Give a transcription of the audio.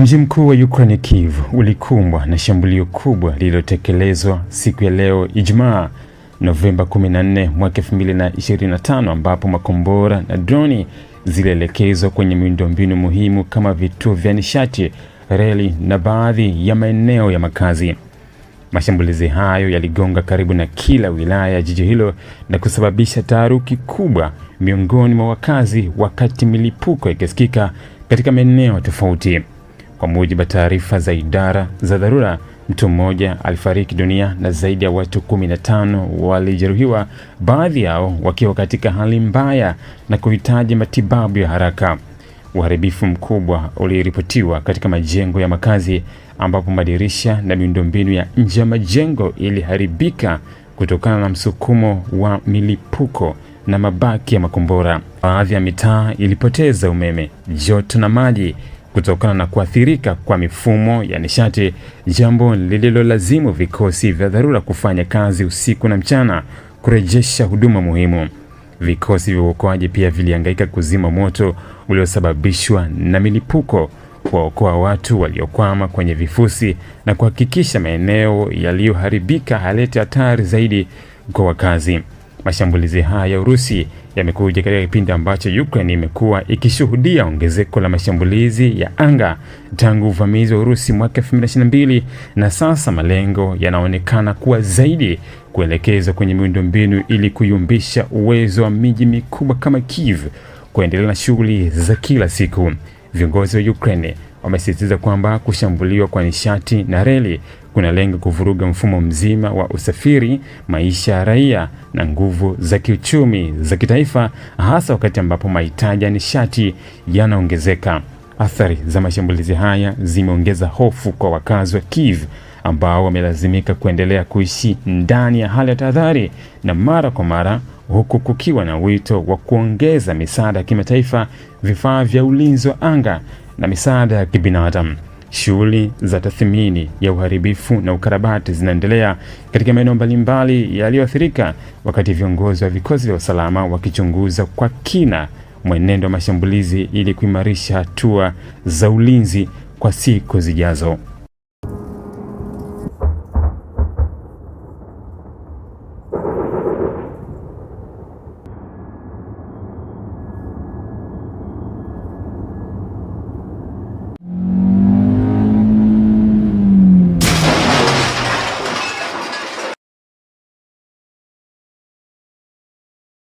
Mji mkuu wa Ukraine Kyiv ulikumbwa na shambulio kubwa lililotekelezwa siku ya leo Ijumaa, Novemba 14 mwaka 2025, ambapo makombora na droni zilielekezwa kwenye miundombinu muhimu kama vituo vya nishati, reli na baadhi ya maeneo ya makazi. Mashambulizi hayo yaligonga karibu na kila wilaya ya jiji hilo na kusababisha taharuki kubwa miongoni mwa wakazi, wakati milipuko ikisikika katika maeneo tofauti. Kwa mujibu wa taarifa za idara za dharura, mtu mmoja alifariki dunia na zaidi ya watu 15 walijeruhiwa, baadhi yao wakiwa katika hali mbaya na kuhitaji matibabu ya haraka. Uharibifu mkubwa uliripotiwa katika majengo ya makazi ambapo madirisha na miundombinu ya nje ya majengo iliharibika kutokana na msukumo wa milipuko na mabaki ya makombora. Baadhi ya mitaa ilipoteza umeme, joto na maji, kutokana na kuathirika kwa mifumo ya nishati, jambo lililolazimu vikosi vya dharura kufanya kazi usiku na mchana kurejesha huduma muhimu. Vikosi vya uokoaji pia vilihangaika kuzima moto uliosababishwa na milipuko, kuwaokoa watu waliokwama kwenye vifusi na kuhakikisha maeneo yaliyoharibika halete hatari zaidi kwa wakazi. Mashambulizi haya ya Urusi yamekuja katika kipindi ambacho Ukraine imekuwa ikishuhudia ongezeko la mashambulizi ya anga tangu uvamizi wa Urusi mwaka 2022 na sasa malengo yanaonekana kuwa zaidi kuelekezwa kwenye miundombinu ili kuyumbisha uwezo wa miji mikubwa kama Kiev kuendelea na shughuli za kila siku. Viongozi wa Ukraine wamesisitiza kwamba kushambuliwa kwa nishati na reli kunalenga kuvuruga mfumo mzima wa usafiri, maisha ya raia na nguvu za kiuchumi za kitaifa, hasa wakati ambapo mahitaji ya nishati yanaongezeka. Athari za mashambulizi haya zimeongeza hofu kwa wakazi wa Kiev ambao wamelazimika kuendelea kuishi ndani ya hali ya tahadhari na mara kwa mara, huku kukiwa na wito wa kuongeza misaada ya kimataifa, vifaa vya ulinzi wa anga na misaada ya kibinadamu. Shughuli za tathmini ya uharibifu na ukarabati zinaendelea katika maeneo mbalimbali yaliyoathirika, wakati viongozi wa vikosi vya usalama wakichunguza kwa kina mwenendo wa mashambulizi ili kuimarisha hatua za ulinzi kwa siku zijazo.